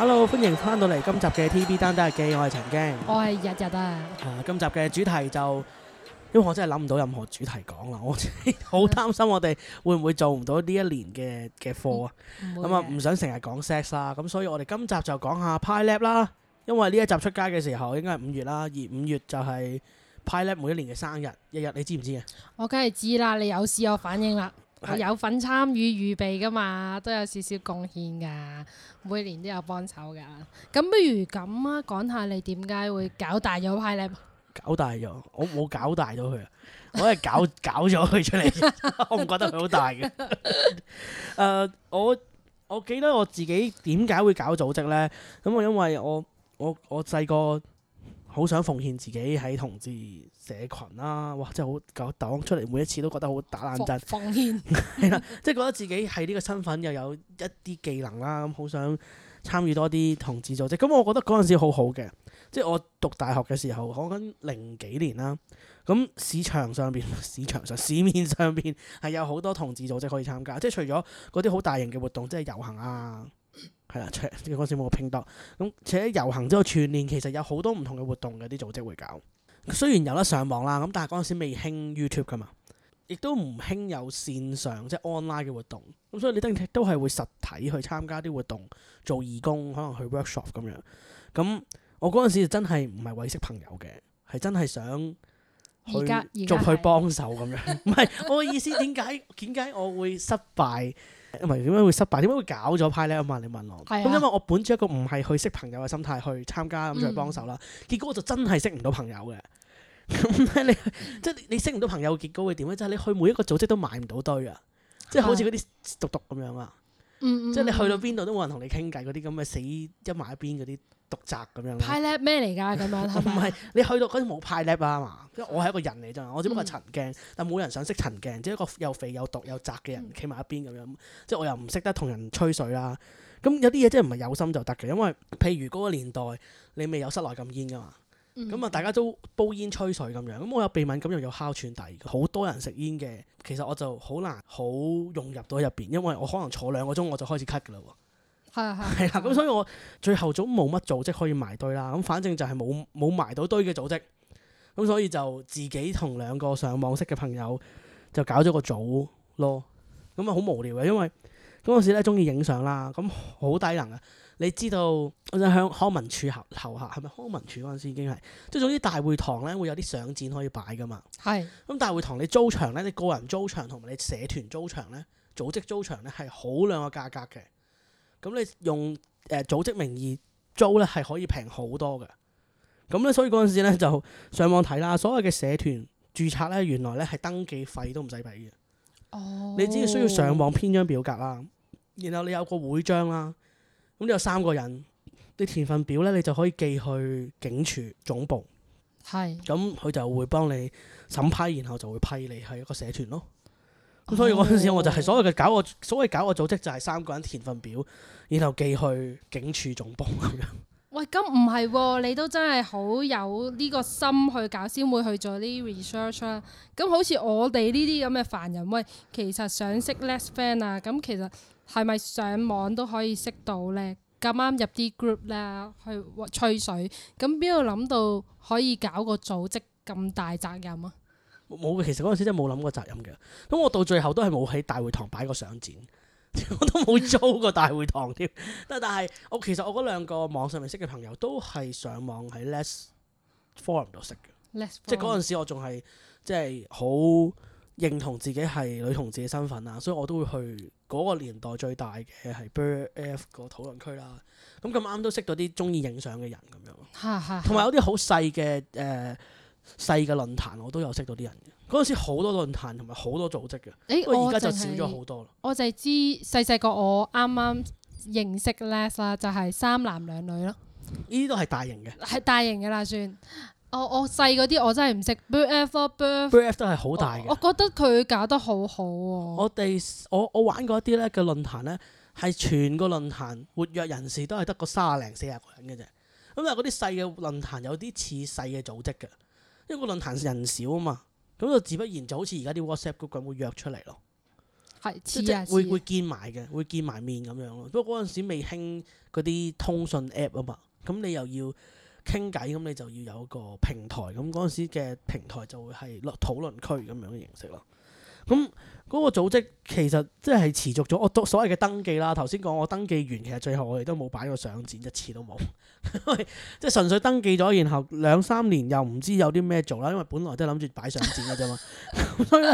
Hello，歡迎翻到嚟今集嘅 TV 單單日記，我係陳經，我係日日啊。啊，今集嘅主題就因為我真係諗唔到任何主題講啦，我 好擔心我哋會唔會做唔到呢一年嘅嘅課啊。咁啊、嗯，唔、嗯、想成日講 sex 啦，咁所以我哋今集就講下 Pilot 啦。因為呢一集出街嘅時候應該係五月啦，而五月就係 Pilot 每一年嘅生日，日日你知唔知啊？我梗係知啦，你有事我反應啦。我有份參與預備㗎嘛，都有少少貢獻㗎，每年都有幫手㗎。咁不如咁啊，講下你點解會搞大咗派呢？搞大咗， 我冇搞大咗佢啊，我係搞搞咗佢出嚟，我唔覺得佢好大嘅。誒、 uh，我我記得我自己點解會搞組織咧？咁我因為我我我細個。好想奉獻自己喺同志社群啦、啊，哇！真係好搞，當出嚟每一次都覺得好打冷震。奉獻獻係 啦， 即係覺得自己喺呢個身份又有一啲技能啦、啊，咁好想參與多啲同志組織。咁、嗯、我覺得嗰陣時好好嘅，即係我讀大學嘅時候，講緊零幾年啦、啊。咁、嗯、市場上邊、市場上、市面上邊係有好多同志組織可以參加，即係除咗嗰啲好大型嘅活動，即係遊行啊。係啦，即係嗰時冇拼多。咁且遊行之後，全年其實有好多唔同嘅活動嘅，啲組織會搞。雖然有得上網啦，咁但係嗰陣時未興 YouTube 㗎嘛，亦都唔興有線上即係 online 嘅活動。咁所以你當然都係會實體去參加啲活動，做義工，可能去 workshop 咁樣。咁我嗰陣時真係唔係為識朋友嘅，係真係想去續去幫手咁樣。唔係， 我嘅意思點解？點解 我會失敗？唔係點解會失敗？點解會搞咗派咧？啊你問我咁，啊嗯、因為我本住一個唔係去識朋友嘅心態去參加咁，再、就係、幫手啦。嗯、結果我就真係識唔到朋友嘅咁咧。 你、嗯、即係你識唔到朋友，結果會點咧？就係你去每一個組織都買唔到堆啊，即係好似嗰啲毒毒咁樣啊。嗯嗯、即係你去到邊度都冇人同你傾偈，嗰啲咁嘅死，一埋一邊嗰啲毒宅咁樣、嗯。派笠咩嚟㗎？咁樣唔係？你去到嗰啲冇派笠啊嘛？即係我係一個人嚟啫，我只不過係陳鏡，但冇人想識陳鏡，即係一個又肥又毒又宅嘅人企埋一邊咁樣。嗯、即係我又唔識得同人吹水啦。咁有啲嘢真係唔係有心就得嘅，因為譬如嗰個年代你未有，有室內禁煙㗎嘛。咁啊，嗯、大家都煲煙吹水咁樣，咁我有鼻敏感又有哮喘底，好多人食煙嘅，其實我就好難好融入到入邊，因為我可能坐兩個鐘我就開始咳㗎喇喎。係係係啦，咁的的所以我最後組冇乜組織可以埋堆啦，咁反正就係冇冇埋到堆嘅組織，咁所以就自己同兩個上網識嘅朋友就搞咗個組咯，咁啊好無聊嘅，因為嗰陣時咧中意影相啦，咁好低能呀。你知道我喺康文署下客，係咪康文署嗰陣時已經係，即係總之大會堂咧會有啲相展可以擺噶嘛。係是，咁大會堂你租場咧，你個人租場同埋你社團租場咧，組織租場咧係好兩個價格嘅。咁你用誒、呃、組織名義租咧係可以平好多嘅。咁咧所以嗰陣時咧就上網睇啦，所謂嘅社團註冊咧原來咧係登記費都唔使俾嘅。哦，你只要需要上網編張表格啦，然後你有個會章啦。咁有三個人，啲填份表咧，你就可以寄去警署總部。係是。咁佢就會幫你審批，然後就會批你去一個社團咯。咁、哦、所以嗰陣時我就係所謂嘅搞個，所謂搞個組織就係三個人填份表，然後寄去警署總部咁。 喂，咁唔係喎，你都真係好有呢個心去搞先會去做啲 research 啦。咁好似我哋呢啲咁嘅凡人，喂，其實想識 lesbian 啊，咁其實～係咪上網都可以識到呢？咁啱入啲 group 啦，去吹水咁，邊度諗到可以搞個組織咁大責任啊？冇嘅，其實嗰陣時真係冇諗過責任嘅。咁我到最後都係冇喺大會堂擺個相展，我都冇租過大會堂添。但係，我其實我嗰兩個網上面識嘅朋友都係上網喺 Less Forum 度識嘅，Less forum. 即係嗰陣時我仲係即係好認同自己係女同志嘅身份啊，所以我都會去。嗰個年代最大嘅係 BirdAF 個討論區啦，咁咁啱都識到啲中意影相嘅人咁樣，同埋、啊啊、有啲好細嘅誒細嘅論壇，我都有識到啲人。嗰陣時好多論壇同埋好多組織嘅，我而家就少咗好多啦。我就係知細細個我啱啱認識 less 啦，就係三男兩女咯。呢啲都係大型嘅，係大型嘅啦算。哦、我我細嗰啲我真係唔識 BF、BF 哦、都係好大嘅。我覺得佢搞得好好、啊、喎。我哋我我玩過一啲咧嘅論壇咧，係全個論壇活躍人士都係得個三十零四十個人嘅啫。咁但係嗰啲細嘅論壇有啲似細嘅組織嘅，因為個論壇人少啊嘛，咁就自不然就好似而家啲 WhatsApp 個群會約出嚟咯，係似啊會會見埋嘅，會見埋面咁樣咯。不過嗰陣時未興嗰啲通訊 app 啊嘛，咁你又要，傾偈咁你就要有一個平台，咁嗰陣時嘅平台就會係論討論區咁樣嘅形式咯。咁嗰個組織其實即係持續咗，我所謂嘅登記啦，頭先講我登記完其實最後我哋都冇擺過上展一次都冇，即 係純粹登記咗，然後兩三年又唔知有啲咩做啦，因為本來都係諗住擺上展嘅啫嘛。咁所以咧，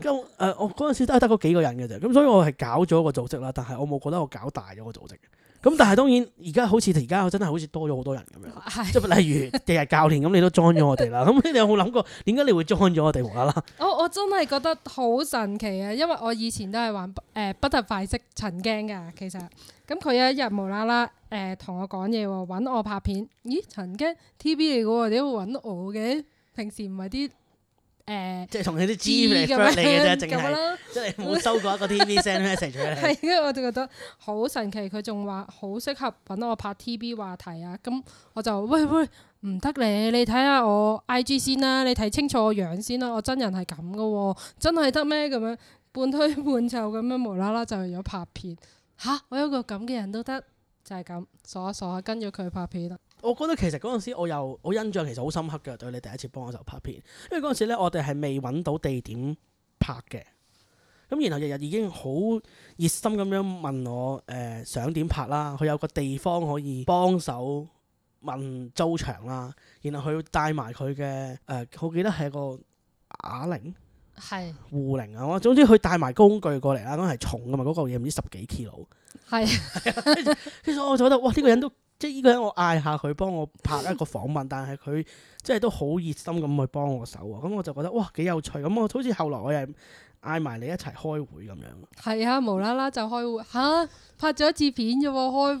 咁誒我嗰陣時都係得嗰幾個人嘅啫，咁所以我係搞咗一個組織啦，但係我冇覺得我搞大咗個組織。咁但係當然而家好似而家真係好似多咗好多人咁樣，即係是的 例如日日教練咁，你都裝咗我哋啦。咁你有冇諗過點解你會裝咗我哋無啦啦？我我真係覺得好神奇啊！因為我以前都係玩誒、呃、不特快識陳驚噶，其實咁佢有一日無啦啦誒，同我講嘢喎，揾我拍片。咦？陳驚 TV 嚟嘅喎，點會揾我嘅？平時唔係啲。誒，即係同佢啲 G 嚟 friend 嚟嘅啫，淨係即係冇收過一個 TV send message。係，跟住我就覺得好神奇，佢仲話好適合揾我拍 TV 話題啊。咁我就喂喂唔得咧，你睇下我 IG 先啦，你睇清楚我樣先啦，我真人係咁嘅喎，真係得咩？咁樣半推半就咁樣，無啦啦就嚟咗拍片。吓，我有個咁嘅人都得，就係咁傻下傻下，跟住佢拍片啦。我覺得其實嗰陣時我又好印象，其實好深刻嘅對你第一次幫我就拍片，因為嗰陣時咧我哋係未揾到地點拍嘅。咁然後日日已經好熱心咁樣問我誒、呃、想點拍啦，佢有個地方可以幫手問租場啦。然後佢帶埋佢嘅誒，我記得係個啞鈴係護鈴啊！我是總之佢帶埋工具過嚟啦，咁、那、係、個、重㗎嘛，嗰、那個嘢唔知十幾 kilo。係是， 其實我就覺得哇，呢、這個人都～即係呢個人，我嗌下佢幫我拍一個訪問，但係佢即係都好熱心咁去幫我手啊！咁我就覺得哇，幾有趣咁。我好似後來我又嗌埋你一齊開會咁樣。係啊，無啦啦就開會吓、啊，拍咗一次片啫，開會。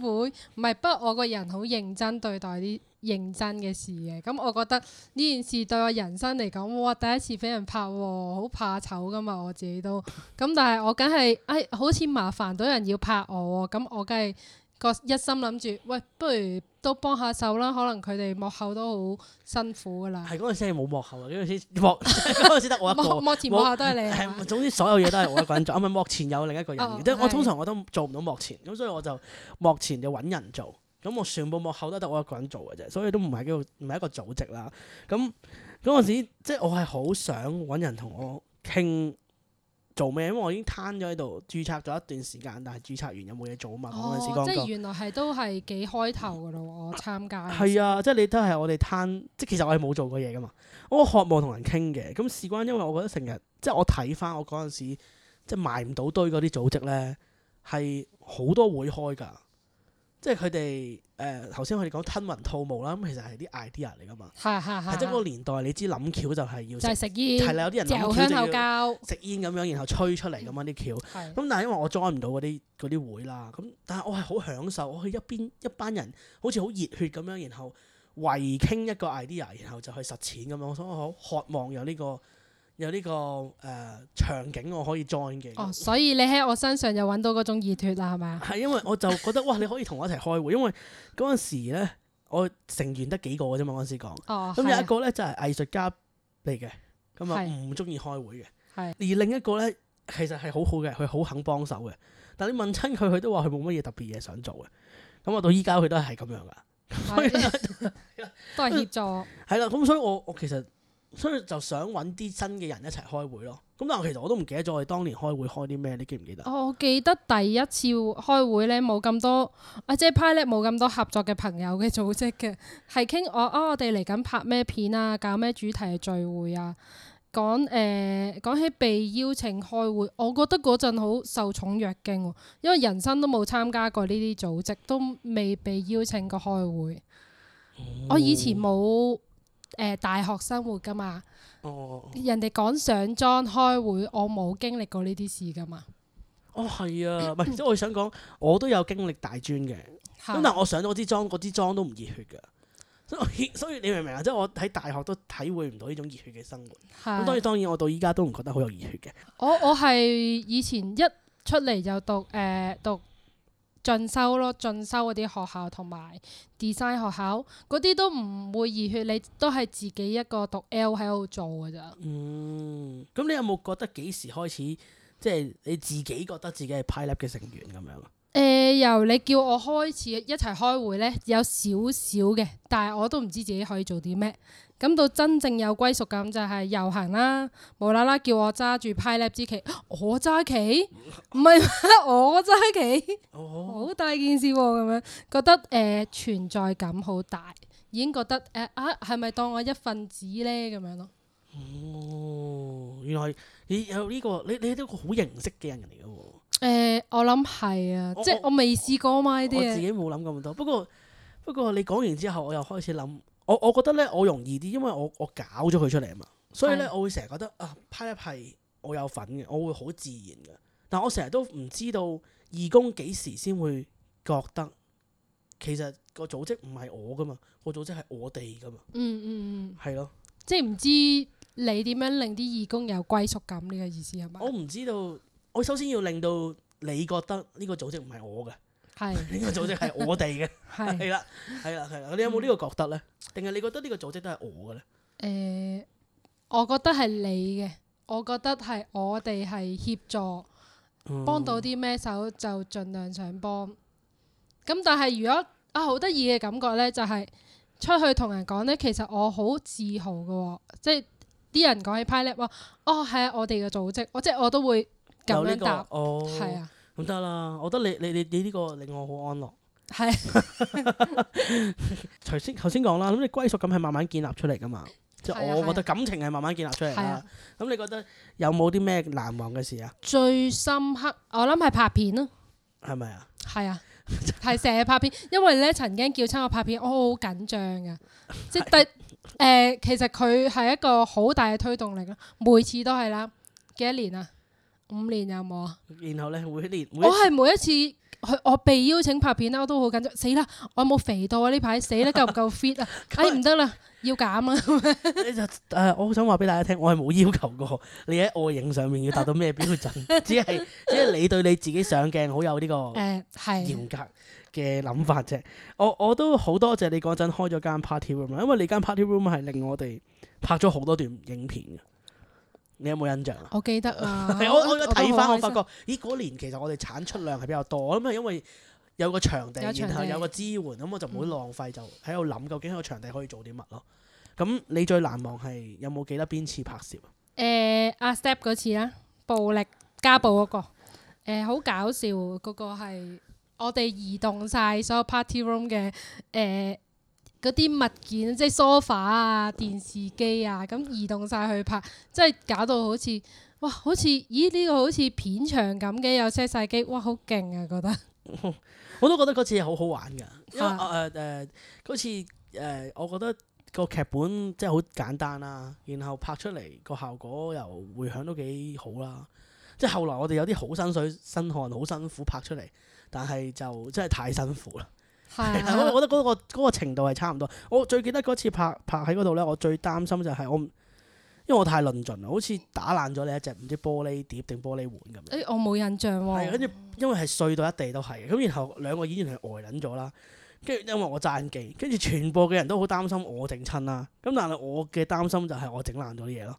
唔係不，不過我個人好認真對待啲認真嘅事嘅。咁我覺得呢件事對我人生嚟講，哇第一次俾人拍，好怕醜㗎嘛，我自己都。咁但係我梗係，哎，好似麻煩到人要拍我，咁我梗係。個一心諗住，喂，不如都幫下手啦。可能佢哋幕後都好辛苦噶啦。係嗰陣時係冇幕後啊，嗰陣時幕嗰陣時得我一個 幕前幕後都係你。係， 總之所有嘢都係我一個人做，唔係 幕前有另一個人嘅。Oh, oh, 即我通常我都做唔到幕前，咁是所以我就幕前就揾人做。咁我全部幕後都得我一個人做嘅啫，所以都唔係叫唔係一個組織啦。咁嗰陣時即我係好想揾人同我傾。做咩？因為我已經攤咗喺度，註冊咗一段時間，但係註冊完有冇嘢做啊嘛？嗰陣時即係原來係都係幾開頭噶咯，嗯、我參加係啊，即係你都係我哋攤，即係其實我係冇做過嘢噶嘛。我渴望同人傾嘅，咁事關，因為我覺得成日即係我睇翻我嗰陣時，即係埋唔到堆嗰啲組織咧，係好多會開噶。即係佢哋誒頭先我哋講吞雲吐霧啦，咁其實係啲 idea 嚟㗎嘛。係即係嗰個年代你知諗橋就係要，食煙，係啦，有啲人諗橋就要食煙咁樣，然後吹出嚟咁樣啲橋。係、嗯。咁的但係因為我 join 唔到嗰啲啲會啦，咁但係我係好享受我去一邊一班人好似好熱血咁樣，然後圍傾一個 idea，然後就去實踐咁樣。所以我想我好渴望有呢、這個。有呢個誒場景我可以 join 嘅，哦，所以你喺我身上又揾到嗰種熱脫啦，係咪啊？係因為我就覺得 哇，你可以同我一齊開會，因為嗰陣時咧，我成員得幾個嘅啫嘛，嗰陣時講，哦，咁有一個咧就係藝術家嚟嘅，咁啊唔中意開會嘅，係的，而另一個咧其實係好好嘅，佢好肯幫手嘅，但你問親佢，佢都話佢冇乜嘢特別嘢想做嘅，咁我到依家佢都係咁樣噶，哎、呀 都係協助， 係啦，咁所以我我其實。所以就想揾啲真嘅人一齊開會咯。咁但係其實我都唔記得咗，我當年開會開啲咩？你記唔記得、哦？我記得第一次開會呢，冇咁多啊，即係 Pilot 呢，冇咁多合作嘅朋友嘅組織嘅，係傾我啊，我哋嚟緊拍咩片啊，搞咩主題嘅聚會啊。講誒、呃，講起被邀請開會，我覺得嗰陣好受寵若驚喎，因為人生都冇參加過呢啲組織，都未被邀請過開會。哦、我以前冇。誒、呃、大學生活噶嘛，哦、人哋講上莊開會，我冇經歷過呢啲事噶嘛。哦，係啊，唔即係我想講，我都有經歷大專嘅，咁的但係我上咗支莊，嗰支莊都唔熱血噶。所以，所以你明唔明啊？即係我喺大學都體會唔到呢種熱血嘅生活。咁當然當然，當然我到依家都唔覺得好有熱血嘅、 哦。我我係以前一出嚟就讀誒、呃、讀。進修咯，進修嗰啲學校同埋 design 學校，嗰啲都唔會熱血，你都係自己一個讀 L 喺度做㗎咋？嗯，咁你有冇覺得幾時開始，即係你自己覺得自己係派立嘅成員咁樣？誒、呃，由你叫我開始一齊開會咧，有少少嘅，但係我都唔知自己可以做啲咩。咁到真正有歸屬感就係遊行啦，無啦啦叫我揸住派立之旗，啊、我揸旗，唔係我揸旗，好、哦哦、 大件事喎咁樣，覺得誒、呃、存在感好大，已經覺得誒、呃、啊係咪當我一份子咧咁樣咯？哦，原來你有呢、這個，你你都個好認識嘅人嚟嘅喎。我諗係啊，即係我未試過嘛呢啲。我自己冇諗咁多，不過不過，不過你講完之後，我又開始諗。我我覺得咧，我容易啲，因為我我搞咗佢出嚟啊嘛，所以咧，是的 我會成日覺得啊，派一係我有份嘅，我會好自然嘅。但係我成日都唔知道義工幾時先會覺得其實個組織唔係我噶嘛，個組織係我哋噶嘛。嗯嗯，係、嗯、咯。的即係唔知你點樣令啲義工有歸屬感呢個意思係嗎？我唔知道，我首先要令到你覺得呢個組織唔係我嘅。係呢 個組織係我哋嘅， 係啦，係啦，係啦。嗯、你有冇呢個覺得咧？定係你覺得呢個組織都係我嘅咧？誒、呃，我覺得係你嘅，我覺得係我哋係協助，幫到啲咩手就盡量想幫。咁、嗯、但係如果啊好得意嘅感覺咧，就係出去同人講咧，其實我好自豪嘅，即係啲人講起 Pilot 哦，係啊，我哋嘅組織，我即係我都會咁樣答，係、這個哦、啊。咁得啦，我覺得你你你你呢個令我好安樂。係是、啊。 頭先頭先講啦，咁你歸屬感係慢慢建立出嚟噶嘛？即係、啊啊、我覺得感情係慢慢建立出嚟啦。咁是、啊、你覺得有冇啲咩難忘嘅事啊？最深刻，我諗係拍片咯。係咪啊？係啊，係成日拍片， 因為咧曾經叫親我拍片，我好緊張噶。即係第誒，其實佢係一個好大嘅推動力咯。每次都係啦，幾多年啊？五年有冇啊？然後咧，每一年我係每一次去，我被邀請拍片啦，我都好緊張，死啦！我有冇肥到啊？呢排死得夠唔夠 fit 啊？ 哎，唔得啦，要減啊！你就誒，我好想話俾大家聽，我係冇要求過你喺外形上面要達到咩標準， 只係即係你對你自己上鏡好有呢個誒係嚴格嘅諗法啫、嗯。我我都好多謝你嗰陣開咗間 party room，因為你間 party room 係令我哋拍咗好多段影片嘅。你有冇印象啊？我記得啊！ 我我睇翻，我發覺，咦，嗰年其實我哋產出量係比較多，咁係因為有個場地，場地然後有個支援，咁我就唔會浪費，嗯、就喺度諗究竟喺個場地可以做啲乜咯。咁你最難忘係有冇記得邊次拍攝啊？誒、呃，阿 Step 嗰次啦，暴力家暴嗰、嗰個，好、呃、搞笑嗰、嗰個係我哋移動晒所有 party room 嘅，誒、呃。嗰啲物件，即係梳化啊、電視機啊，咁移動晒去拍，即係搞到好似，哇！好似，咦？呢、呢個好似片場咁嘅，又 set 晒機，哇！好勁啊，覺得。 我都覺得嗰次好好玩㗎，因為誒誒，嗰、呃呃呃、次誒、呃，我覺得個劇本即係好簡單啦，然後拍出嚟個效果又回響都幾好啦。即係後來我哋有啲好身水、身汗、好辛苦拍出嚟，但係就真係太辛苦啦。我覺得嗰個程度係差唔多。我最記得嗰次拍拍喺嗰度咧，我最擔心就係我，因為我太論盡啦，好似打爛咗你一隻唔知玻璃碟定玻璃碗咁樣。誒，我冇印象喎。跟住因為係碎到一地都係，咁然後兩個演員係呆撚咗啦，跟住因為我揸眼鏡，跟住全部嘅人都好擔心我整親啦。咁但係我嘅擔心就係我整爛咗啲嘢咯。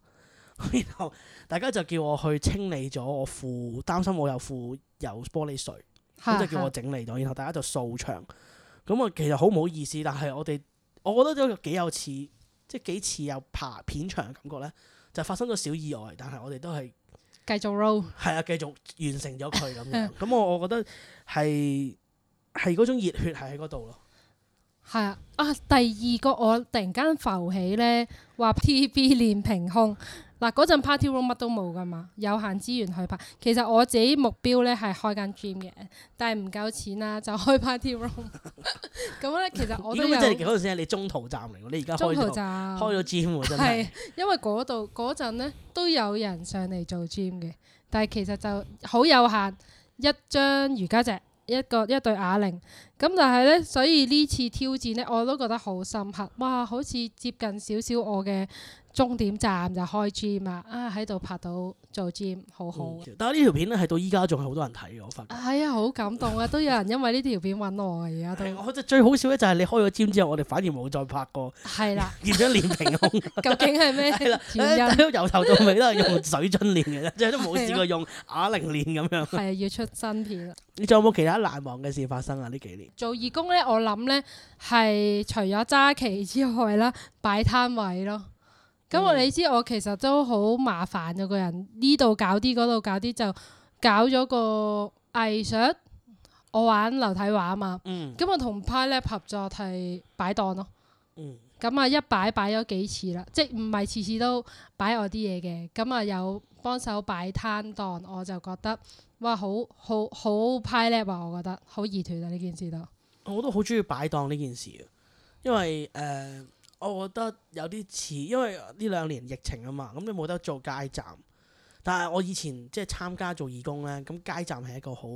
然後大家就叫我去清理咗我褲，擔心我有褲有玻璃碎，咁就叫我整理咗。然後大家就掃場。咁我其實好唔好意思，但係我哋我覺得都幾有似即幾似有爬片場嘅感覺咧，就發生咗小意外，但係我哋都係繼續 roll，係啊，繼續完成咗佢咁樣。咁我我覺得係係嗰種熱血係喺嗰度咯。係啊，啊第二個我突然間浮起咧，話 PB 練平空。嗱嗰陣 party room 乜都冇㗎嘛，有限資源去拍。其實我自己目標咧係開間 gym 嘅，但係唔夠錢啦，就開 party room。咁 咧其實我都有嗰陣係你中途站嚟喎，你而家中途站開咗 gym 喎，真係。因為嗰度嗰陣咧都有人上嚟做 gym 嘅，但係其實就好有限，一張瑜伽席，一個一對啞鈴。咁但係呢，所以呢次挑戰呢，我都覺得好深刻。哇，好似接近少少我嘅終點站就開 gym 啊！啊，喺度拍到做 gym 好好、嗯。但係呢條片呢，係到依家仲係好多人睇，我發覺。係啊、哎，好感動啊！都有人因為呢條片揾我啊，而家都。我覺得最好笑呢，就係你開咗 gym 之後，我哋反而冇再拍過。係啦的，練咗練平胸。 究竟係咩原因？由、哎、頭到尾都係用水樽練嘅啫，即係都冇試過用啞鈴練咁樣。係啊，要出新片。你仲有冇其他難忘嘅事發生啊？呢幾年？做義工呢，我諗呢係除咗揸旗之外啦，擺攤位咯。咁我、嗯、你知我其實都好麻煩嘅、啊、個人，呢度搞啲，嗰度搞啲，就搞咗個藝術。我玩流體畫啊嘛，咁、嗯、我同派 Lab 合作係擺檔咯。咁啊、嗯、一擺擺咗幾次啦，即係唔係次次都擺我啲嘢嘅。咁啊有幫手擺攤檔，我就覺得。哇，好好好派叻啊！我覺得好易斷啊！呢件事，都我都好中意擺檔呢件事，因為誒、呃，我覺得有啲似，因為呢兩年疫情啊嘛，咁、嗯、你冇得做街站，但係我以前即係參加做義工咧，咁街站係一個好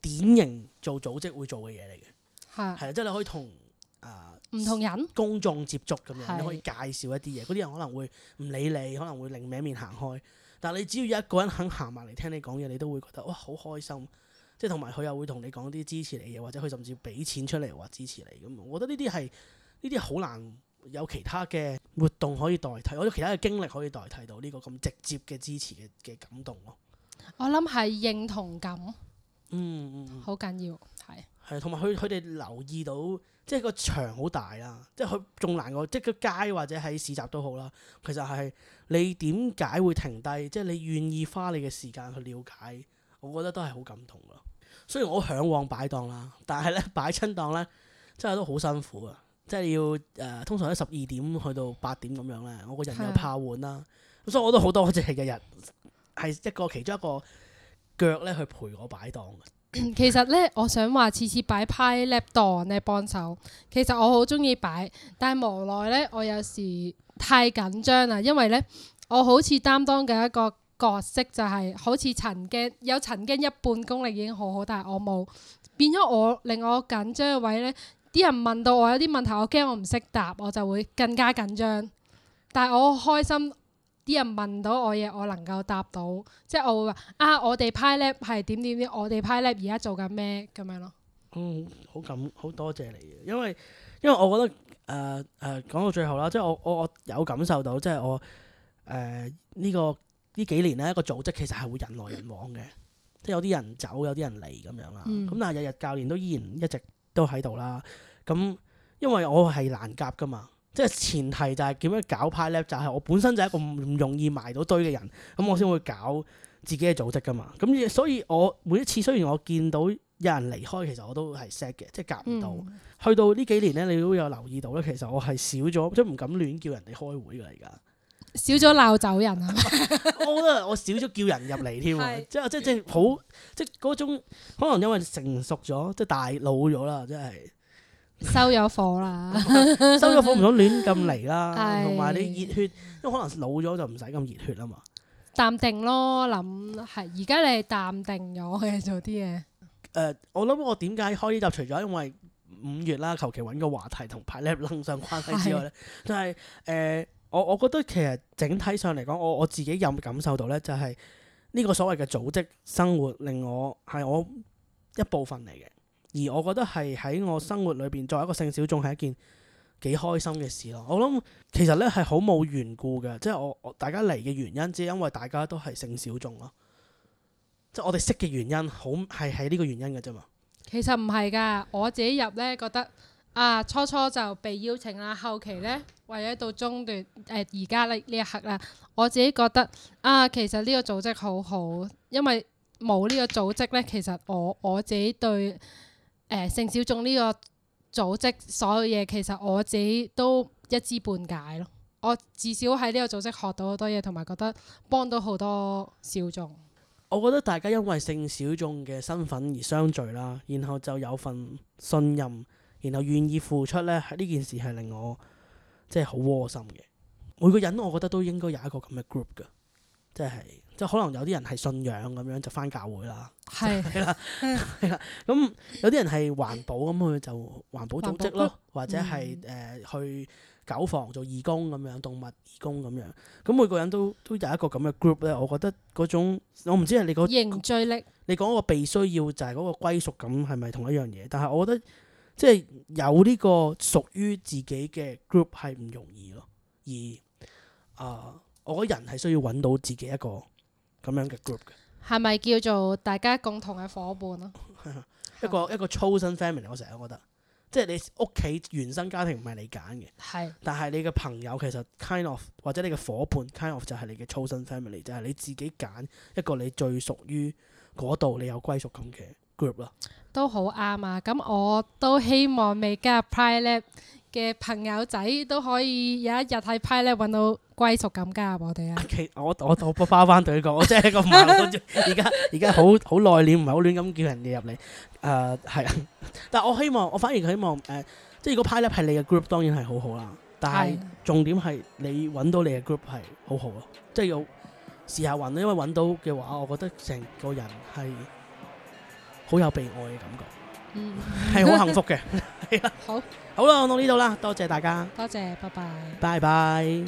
典型做組織會做嘅嘢嚟嘅，係係即係你可以同啊唔同人公眾接觸咁樣，的你可以介紹一啲嘢，嗰啲人可能會唔理你，可能會另名面行開。但你只要有一個人肯行埋嚟聽你講嘢，你都會覺得哇好開心，即係同埋佢又會同你講啲支持你嘅嘢，或者佢甚至俾錢出嚟話支持你咁，我覺得呢啲係呢啲好難有其他嘅活動可以代替，或者其他嘅經歷可以代替到呢個咁直接嘅支持嘅嘅感動咯。我諗係認同感，嗯嗯，好緊要，係係同埋佢佢哋留意到。即係個場好大啦，即係佢仲難過，即係個街或者喺市集都好啦。其實係你點解會停低？即係你願意花你嘅時間去了解，我覺得都係好感動咯。雖然我好嚮往擺檔啦，但係咧擺親檔咧，真係都好辛苦啊！即係你要誒、呃，通常喺十二點去到八點咁樣咧，我個人又怕換啦，是的 所以我都好多謝日日係一個其中一個腳咧去陪我擺檔。 其實咧，我想話次次擺 Pie Laptop 咧幫手。其實我好中意擺，但係無奈咧，我有時太緊張啦。因為咧，我好似擔當嘅一個角色就係、是、好似曾經有曾經一半功力已經好好，但係我冇變咗我令我緊張嘅位咧。啲人問到我有啲問題，我驚我唔識答，我就會更加緊張。但係我開心。啲人問到我嘢，我能夠答到，即係我會話啊，我哋 PI Lab 係點點點，我哋 PI Lab 而家做緊咩咁樣咯。嗯，好感好多謝你嘅，因為因為我覺得誒誒、呃呃、講到最後啦，即係我我我有感受到，即係我誒呢、呃這個呢幾年咧，一個組織其實係會人來人往嘅，即係有啲人走，有啲人嚟咁樣啦。咁、嗯、但係日日教練都依然一直都喺度啦，咁因為我係難夾噶嘛。即係前提就係點樣搞派 lap，就係我本身就係一個唔容易埋到堆嘅人，咁我先會搞自己嘅組織㗎嘛。咁所以我每一次雖然我見到有人離開，其實我都係 sad 嘅，即係夾唔到。嗯、去到呢幾年咧，你都有留意到咧，其實我係少咗，即係唔敢亂叫人哋開會㗎。而家少咗鬧走人，我覺得我少咗叫人入嚟添，即係即係即係好，即係嗰種可能因為成熟咗，即係大老咗啦，即係。收咗火啦， 收咗火唔好亂咁嚟啦，同埋你熱血，因為可能老咗就唔使咁熱血啊嘛。淡定咯，諗係而家你係淡定咗嘅做啲嘢。誒、呃，我諗我點解開呢集，除咗因為五月啦，求其揾個話題同排笠諗上關係之外咧，就係誒，我我覺得其實整體上嚟講，我我自己有感受到咧，就係呢個所謂嘅組織生活令我係我一部分嚟嘅。而我覺得係喺我生活裏邊作為一個性小眾係一件幾開心嘅事咯。我諗其實咧係好冇緣故嘅，即係我我大家嚟嘅原因，只係因為大家都係性小眾咯，即係我哋識嘅原因，好係喺呢個原因㗎啫嘛。其實唔係噶，我自己入咧覺得啊，初初就被邀請啦，後期咧或者到中段誒而家呢呢一刻啦，我自己覺得啊，其實呢個組織好好，因為冇呢個組織咧，其實我我自己對。誒、呃、性小眾呢個組織所有嘢其實我自己都一知半解咯，我至少喺呢個組織學到好多嘢，同埋覺得幫到好多小眾。我覺得大家因為性小眾嘅身份而相聚啦，然後就有份信任，然後願意付出咧，呢件事係令我即係好窩心嘅。每個人我覺得都應該有一個咁嘅 group 㗎，即係。即係可能有啲人係信仰咁樣就翻教會啦，係啦，係啦。咁有啲人係環保咁佢就環保組織咯，嗯、或者係誒、呃、去狗房做義工咁樣，動物義工咁樣。咁每個人都都有一個咁嘅 group 咧，我覺得嗰種我唔知係你個凝聚力，你講個被需要就係嗰個歸屬感係咪同一樣嘢？但係我覺得即係有呢個屬於自己嘅 group 係唔容易咯。而啊、呃，我覺得人係需要搵到自己一個。咁樣嘅 group 嘅，係咪叫做大家共同嘅伙伴咯 一個一個粗生 family，我成日覺得，即係你屋企原生家庭唔係你揀嘅，係是，但係你嘅朋友其實 kind of 或者你嘅伙伴 kind of 就係你嘅粗生 family，就係、是、你自己揀一個你最屬於嗰度，你有歸屬感嘅 group 咯。都好啱啊！咁我都希望未加入 private 嘅朋友仔都可以有一日喺派咧揾到歸屬感加入我哋啊、okay,！我我我翻翻對講，我,我,、這個、 我真係一個慢工，而家而家好好內斂，唔係好亂咁叫人哋入嚟。誒、呃，係啊！但係我希望，我反而希望誒、呃，即係如果派咧係你嘅 group，當然係好好啦。但係重點係你揾到你嘅 group 係好好咯，即係要試下揾，因為揾到嘅話，我覺得成個人係好有被愛嘅感覺。嗯，係好 幸福嘅，係啦。好，好啦， 我到呢度啦，多謝大家，多謝，拜拜，拜拜。